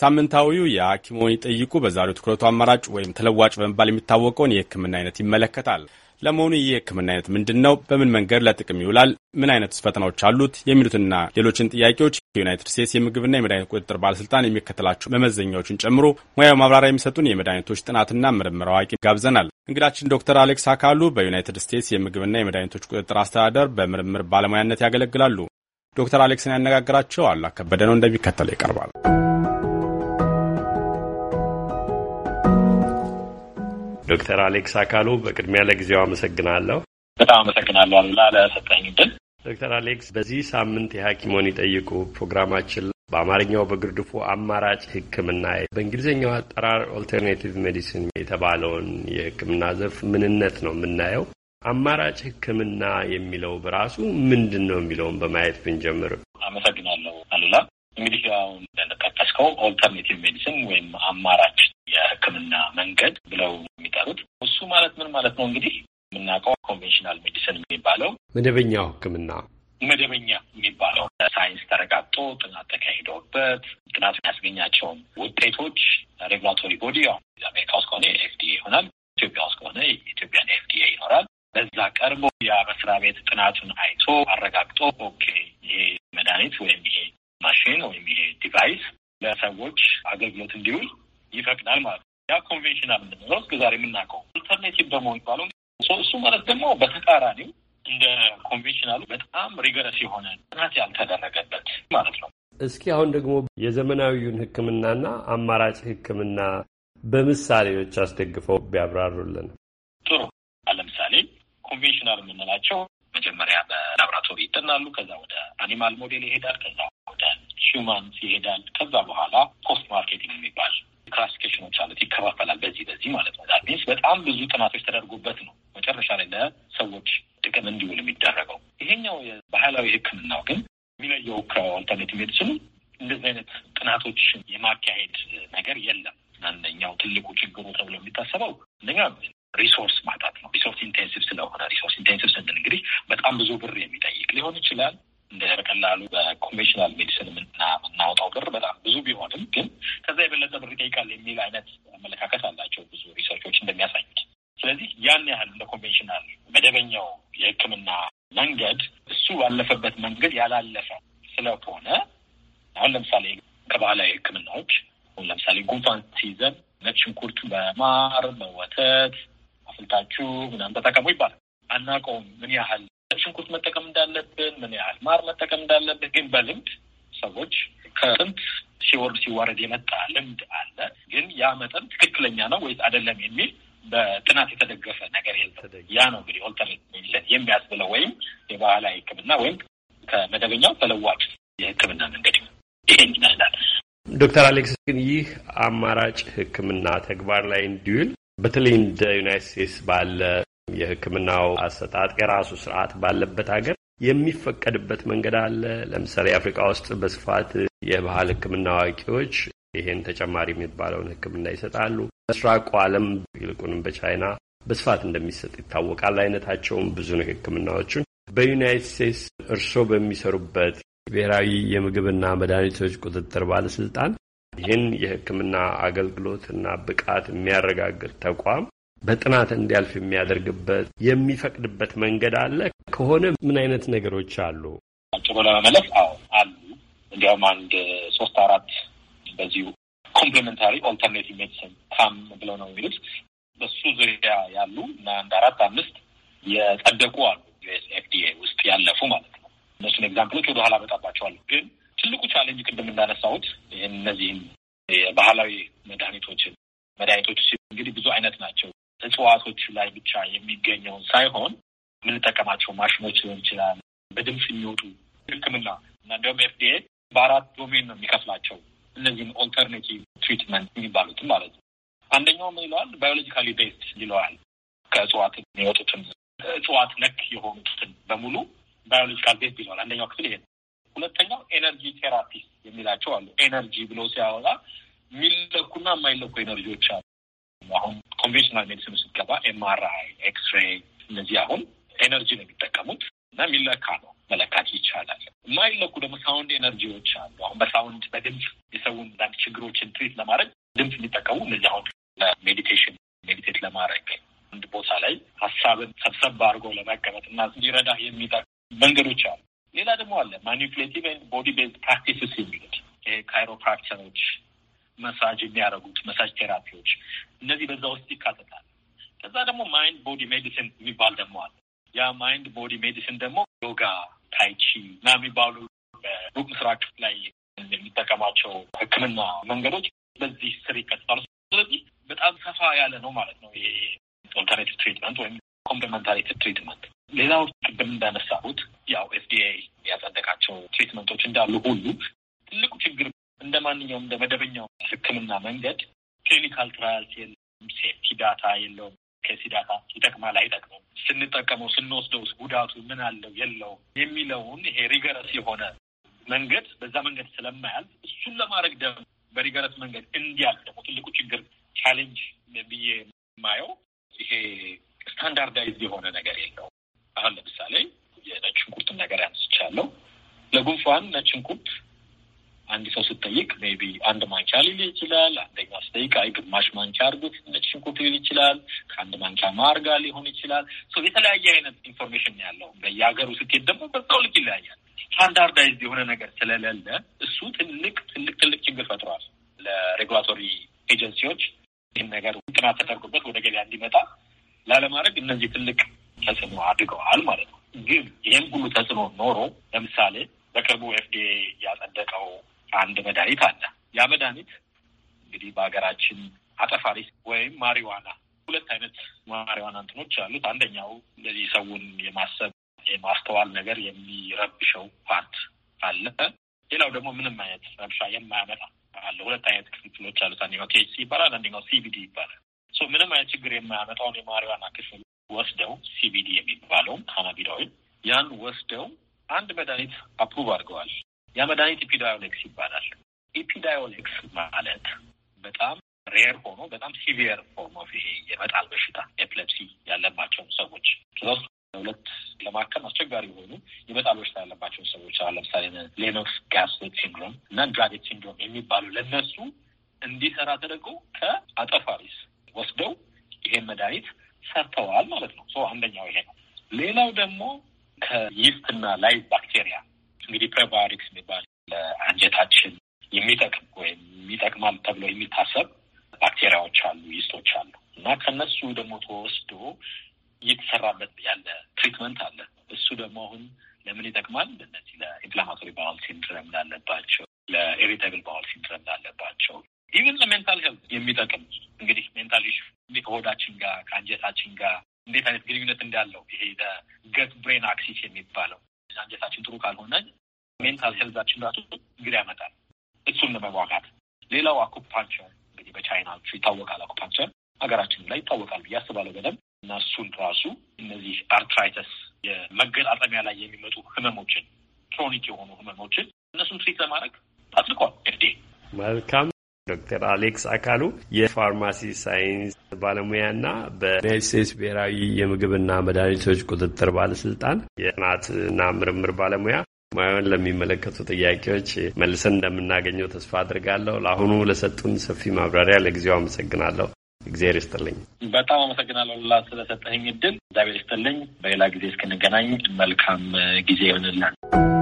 ሳምንታዊው የሐኪሞን ይጠይቁ በዛሬው ትኩረቱ አማራጭ ወይም ተለዋጭ በመባል የሚታወቀውን የህክምና አይነት ይመለከታል። ለመሆኑ ይህ የህክምና አይነት ምንድን ነው? በምን መንገድ ለጥቅም ይውላል? ምን አይነት ፈተናዎች አሉት? የሚሉትና ሌሎችን ጥያቄዎች የዩናይትድ ስቴትስ የምግብና የመድኃኒት ቁጥጥር ባለስልጣን የሚከተላቸው መመዘኛዎችን ጨምሮ ሙያዊ ማብራሪያ የሚሰጡን የመድኃኒቶች ጥናትና ምርምር አዋቂ ጋብዘናል። እንግዳችን ዶክተር አሌክስ አካሉ በዩናይትድ ስቴትስ የምግብና የመድኃኒቶች ቁጥጥር አስተዳደር በምርምር ባለሙያነት ያገለግላሉ። ዶክተር አሌክስን ያነጋግራቸው አላ ከበደ ነው፣ እንደሚከተለው ይቀርባል። ዶክተር አሌክስ አካሉ በቅድሚያ ለጊዜው አመሰግናለሁ። በጣም አመሰግናለሁ አሉላ ለሰጠኝ እድል። ዶክተር አሌክስ በዚህ ሳምንት የሐኪሞን ይጠይቁ ፕሮግራማችን በአማርኛው በግርድፉ አማራጭ ሕክምና በእንግሊዝኛው አጠራር ኦልተርኔቲቭ ሜዲሲን የተባለውን የሕክምና ዘርፍ ምንነት ነው የምናየው። አማራጭ ሕክምና የሚለው በራሱ ምንድን ነው የሚለውን በማየት ብንጀምር። አመሰግናለሁ አሉላ። እንግዲህ አሁን እንደጠቀስከው ኦልተርኔቲቭ ሜዲሲን ወይም አማራጭ የሕክምና መንገድ ብለው ያሉት። እሱ ማለት ምን ማለት ነው? እንግዲህ የምናውቀው ኮንቬንሽናል ሜዲሲን የሚባለው መደበኛው ሕክምና መደበኛ የሚባለው ሳይንስ ተረጋግጦ ጥናት ተካሂደውበት ጥናት ያስገኛቸውን ውጤቶች ሬጉላቶሪ ቦዲ ያው አሜሪካ ውስጥ ከሆነ ኤፍዲኤ ይሆናል፣ ኢትዮጵያ ውስጥ ከሆነ የኢትዮጵያን ኤፍዲኤ ይኖራል። በዛ ቀርቦ ያ መስሪያ ቤት ጥናቱን አይቶ አረጋግጦ ኦኬ ይሄ መድኃኒት ወይም ይሄ ማሽን ወይም ይሄ ዲቫይስ ለሰዎች አገልግሎት እንዲውል ይፈቅዳል ማለት ነው። ያ ኮንቬንሽናል የምንለው እስከ ዛሬ የምናውቀው አልተርኔቲቭ ደግሞ የሚባለው እሱ ማለት ደግሞ በተቃራኒው እንደ ኮንቬንሽናሉ በጣም ሪገረስ የሆነ ጥናት ያልተደረገበት ማለት ነው። እስኪ አሁን ደግሞ የዘመናዊውን ሕክምናና አማራጭ ሕክምና በምሳሌዎች አስደግፈው ቢያብራሩልን ጥሩ። ለምሳሌ ኮንቬንሽናል የምንላቸው መጀመሪያ በላብራቶሪ ይጠናሉ። ከዛ ወደ አኒማል ሞዴል ይሄዳል። ከዛ ወደ ሂውማንስ ይሄዳል። ከዛ በኋላ ፖስት ማርኬቲንግ የሚባል ክላሲፊኬሽኖች አሉት፣ ይከፋፈላል በዚህ በዚህ ማለት ነው። ዛትሚንስ በጣም ብዙ ጥናቶች ተደርጎበት ነው መጨረሻ ላይ ለሰዎች ጥቅም እንዲውል የሚደረገው። ይሄኛው የባህላዊ ሕክምናው ግን የሚለየው ከአልተርኔቲቭ ሜዲሲኑ እንደዚህ አይነት ጥናቶች የማካሄድ ነገር የለም። አንደኛው ትልቁ ችግሩ ተብሎ የሚታሰበው አንደኛ ሪሶርስ ማጣት ነው። ሪሶርስ ኢንቴንሲቭ ስለሆነ ሪሶርስ ኢንቴንሲቭ ስንል እንግዲህ በጣም ብዙ ብር የሚጠይቅ ሊሆን ይችላል። እንደ በቀላሉ በኮንቬንሽናል ሜዲሲን የምናወጣው ብር በጣም ብዙ ቢሆንም ግን ብር ይጠይቃል የሚል አይነት አመለካከት አላቸው ብዙ ሪሰርቾች እንደሚያሳዩት። ስለዚህ ያን ያህል እንደ ኮንቬንሽናል መደበኛው የሕክምና መንገድ እሱ ባለፈበት መንገድ ያላለፈ ስለሆነ አሁን ለምሳሌ ከባህላዊ ሕክምናዎች አሁን ለምሳሌ ጉንፋን ሲይዘን ነጭ ሽንኩርት በማር በወተት አፍልታችሁ ምናምን ተጠቀሙ ይባላል። አናውቀውም ምን ያህል ነጭ ሽንኩርት መጠቀም እንዳለብን፣ ምን ያህል ማር መጠቀም እንዳለብን። ግን በልምድ ሰዎች ከጥንት ሲወርድ ሲዋረድ የመጣ ልምድ አለ። ግን ያ መጠን ትክክለኛ ነው ወይስ አይደለም የሚል በጥናት የተደገፈ ነገር የለም። ያ ነው እንግዲህ ኦልተርኔት የሚያስብለው ወይም የባህላዊ ሕክምና ወይም ከመደበኛው ተለዋጭ የሕክምና መንገድ ይሄን ይመስላል። ዶክተር አሌክስ ግን ይህ አማራጭ ሕክምና ተግባር ላይ እንዲውል በተለይ እንደ ዩናይት ስቴትስ ባለ የህክምናው አሰጣጥ የራሱ ስርዓት ባለበት ሀገር የሚፈቀድበት መንገድ አለ። ለምሳሌ አፍሪካ ውስጥ በስፋት የባህል ሕክምና አዋቂዎች ይሄን ተጨማሪ የሚባለውን ሕክምና ይሰጣሉ። ምስራቁ ዓለም ይልቁንም በቻይና በስፋት እንደሚሰጥ ይታወቃል። አይነታቸውም ብዙ ነው ሕክምናዎቹን በዩናይትድ ስቴትስ እርስዎ በሚሰሩበት ብሔራዊ የምግብና መድኃኒቶች ቁጥጥር ባለስልጣን ይህን የህክምና አገልግሎትና ብቃት የሚያረጋግጥ ተቋም በጥናት እንዲያልፍ የሚያደርግበት የሚፈቅድበት መንገድ አለ ከሆነ ምን አይነት ነገሮች አሉ? አጭሩ ለመመለስ አዎ አሉ። እንዲያውም አንድ ሶስት አራት በዚሁ ኮምፕሊመንታሪ ኦልተርኔቲ ሜዲሲን ካም ብለው ነው የሚሉት በሱ ዙሪያ ያሉ እና አንድ አራት አምስት የጸደቁ አሉ ዩኤስ ኤፍዲኤ ውስጥ ያለፉ ማለት ነው። እነሱን ኤግዛምፕሎች ወደኋላ በጣባቸዋለሁ። ግን ትልቁ ቻሌንጅ ቅድም እንዳነሳሁት እነዚህም የባህላዊ መድኃኒቶችን መድኃኒቶች እንግዲህ ብዙ አይነት ናቸው። እጽዋቶቹ ላይ ብቻ የሚገኘውን ሳይሆን የምንጠቀማቸው ማሽኖች ሊሆን ይችላል፣ በድምፅ የሚወጡ ሕክምና እና እንዲሁም ኤፍዲኤ በአራት ዶሜን ነው የሚከፍላቸው እነዚህም ኦልተርኔቲቭ ትሪትመንት የሚባሉትም ማለት ነው። አንደኛው ምን ይለዋል? ባዮሎጂካሊ ቤስት ይለዋል። ከእጽዋት የሚወጡትን እጽዋት ነክ የሆኑትን በሙሉ ባዮሎጂካል ቤስት ይለዋል። አንደኛው ክፍል ይሄ ነው። ሁለተኛው ኤነርጂ ቴራፒ የሚላቸው አሉ። ኤነርጂ ብሎ ሲያወራ የሚለኩና የማይለኩ ኤነርጂዎች አሉ። አሁን ኮንቬንሽናል ሜዲሲን ስትገባ ኤምአርአይ፣ ኤክስሬይ እነዚህ አሁን ኤነርጂ ነው የሚጠቀሙት እና የሚለካ ነው መለካት ይቻላል። የማይለኩ ደግሞ ሳውንድ ኤነርጂዎች አሉ። አሁን በሳውንድ በድምፅ የሰውን አንዳንድ ችግሮችን ትሪት ለማድረግ ድምፅ የሚጠቀሙ እነዚህ አሁን ለሜዲቴሽን ሜዲቴት ለማድረግ አንድ ቦታ ላይ ሀሳብን ሰብሰብ አድርጎ ለመቀመጥ እና እንዲረዳህ የሚጠቅም መንገዶች አሉ። ሌላ ደግሞ አለ ማኒፕሌቲቭ ቦዲ ቤዝ ፕራክቲስስ የሚሉት ካይሮፕራክቸሮች መሳጅ የሚያደርጉት መሳጅ ቴራፒዎች እነዚህ በዛ ውስጥ ይካተታል። ከዛ ደግሞ ማይንድ ቦዲ ሜዲሲን የሚባል ደግሞ አለ። ያ ማይንድ ቦዲ ሜዲሲን ደግሞ ዮጋ፣ ታይቺ እና የሚባሉ በሩቅ ምስራቅ ላይ የሚጠቀማቸው ሕክምና መንገዶች በዚህ ስር ይከተታሉ። ስለዚህ በጣም ሰፋ ያለ ነው ማለት ነው ይሄ ኦልተርኔቲቭ ትሪትመንት ወይም ኮምፕሊመንታሪ ትሪትመንት። ሌላው ቅድም እንዳነሳሁት ያው ኤፍዲኤ ያጸደቃቸው ትሪትመንቶች እንዳሉ ሁሉ ትልቁ ችግር እንደ ማንኛውም እንደ መደበኛው ሕክምና መንገድ ክሊኒካል ትራያልስ የለውም፣ ሴፍቲ ዳታ የለውም። ከሲ ዳታ ይጠቅማል አይጠቅምም፣ ስንጠቀመው ስንወስደው ጉዳቱ ምን አለው የለውም የሚለውን ይሄ ሪገረስ የሆነ መንገድ በዛ መንገድ ስለማያልፍ እሱን ለማድረግ ደ በሪገረስ መንገድ እንዲያል ደግሞ ትልቁ ችግር ቻሌንጅ ብዬ የማየው ይሄ ስታንዳርዳይዝ የሆነ ነገር የለው። አሁን ለምሳሌ የነጭ ሽንኩርትን ነገር ያንስቻለሁ። ለጉንፋን ነጭ ሽንኩርት አንድ ሰው ስጠይቅ ሜቢ ቢ አንድ ማንኪያ ሊል ይችላል። አንደኛ ስጠይቅ አይ ግማሽ ማንኪያ አርጉት፣ ነጭ ሽንኩርት ሊል ይችላል። ከአንድ ማንኪያ ማርጋ ሊሆን ይችላል። የተለያየ አይነት ኢንፎርሜሽን ያለው በየሀገሩ ስትሄድ ደግሞ በዛው ልክ ይለያያል። ስታንዳርዳይዝ የሆነ ነገር ስለሌለ እሱ ትልቅ ትልቅ ትልቅ ችግር ፈጥሯል። ለሬጉላቶሪ ኤጀንሲዎች ይህን ነገር ጥናት ተደርጎበት ወደ ገበያ እንዲመጣ ላለማድረግ እነዚህ ትልቅ ተጽዕኖ አድርገዋል ማለት ነው። ግን ይህም ሁሉ ተጽዕኖ ኖሮ ለምሳሌ በቅርቡ ኤፍዲኤ ያጸደቀው አንድ መድኃኒት አለ። ያ መድኃኒት እንግዲህ በሀገራችን አጠፋሪ ወይም ማሪዋና፣ ሁለት አይነት ማሪዋና እንትኖች አሉት። አንደኛው እንደዚህ ሰውን የማሰብ የማስተዋል ነገር የሚረብሸው ፓርት አለ። ሌላው ደግሞ ምንም አይነት ረብሻ የማያመጣ አለ። ሁለት አይነት ክፍሎች አሉት። አንደኛው ቲኤችሲ ይባላል፣ አንደኛው ሲቢዲ ይባላል። ምንም አይነት ችግር የማያመጣውን የማሪዋና ክፍል ወስደው ሲቢዲ የሚባለውም ካናቢዳዊ ያን ወስደው አንድ መድኃኒት አፕሩቭ አድርገዋል ያ መድኃኒት ኢፒዳዮሌክስ ይባላል። ኢፒዳዮሌክስ ማለት በጣም ሬር ሆኖ በጣም ሲቪየር ሆኖ ይሄ የመጣል በሽታ ኤፕለፕሲ ያለባቸውን ሰዎች ሁለት ለማከም አስቸጋሪ የሆኑ የመጣል በሽታ ያለባቸውን ሰዎች አሁን ለምሳሌ ሌኖክስ ጋስት ሲንድሮም እና ድራጌት ሲንድሮም የሚባሉ ለነሱ እንዲሰራ ተደርጎ ከአጠፋሪስ ወስደው ይሄን መድኃኒት ሰርተዋል ማለት ነው። አንደኛው ይሄ ነው። ሌላው ደግሞ ከይስትና ላይቭ ባክቴሪያ እንግዲህ ፕሬባዮቲክስ የሚባል ለአንጀታችን የሚጠቅም ወይም የሚጠቅማል ተብሎ የሚታሰብ ባክቴሪያዎች አሉ፣ ይስቶች አሉ እና ከነሱ ደግሞ ተወስዶ እየተሰራበት ያለ ትሪትመንት አለ። እሱ ደግሞ አሁን ለምን ይጠቅማል? እነዚህ ለኢንፍላማቶሪ ባውል ሲንድረም ላለባቸው፣ ለኢሪታብል ባውል ሲንድረም ላለባቸው ኢቨን ለሜንታል ሄልት የሚጠቅም እንግዲህ ሜንታል ኢሹ ከሆዳችን ጋር ከአንጀታችን ጋር እንዴት አይነት ግንኙነት እንዳለው ይሄ ገት ብሬን አክሲስ የሚባለው አንጀታችን ጥሩ ካልሆነ ሜንታል ሄልዛችን ራሱ ግር ያመጣል። እሱን ለመዋጋት ሌላው አኩፓንቸር እንግዲህ በቻይና ይታወቃል። አኩፓንቸር ሀገራችን ላይ ይታወቃል ብዬ አስባለሁ በደንብ እና እሱን ራሱ እነዚህ አርትራይተስ የመገጣጠሚያ ላይ የሚመጡ ህመሞችን ክሮኒክ የሆኑ ህመሞችን እነሱን ትሪት ለማድረግ አጥልቋል። እንዴ መልካም ዶክተር አሌክስ አካሉ የፋርማሲ ሳይንስ ባለሙያና በዩናይት ስቴትስ ብሔራዊ የምግብና መድኃኒቶች ቁጥጥር ባለስልጣን የጥናትና ምርምር ባለሙያ ሙያውን ለሚመለከቱ ጥያቄዎች መልሰን እንደምናገኘው ተስፋ አድርጋለሁ። ለአሁኑ ለሰጡን ሰፊ ማብራሪያ ለጊዜው አመሰግናለሁ። እግዚአብሔር ይስጥልኝ። በጣም አመሰግናለሁ ላ ስለሰጠኝ እድል። እግዚአብሔር ይስጥልኝ። በሌላ ጊዜ እስክንገናኝ መልካም ጊዜ ይሆንልን።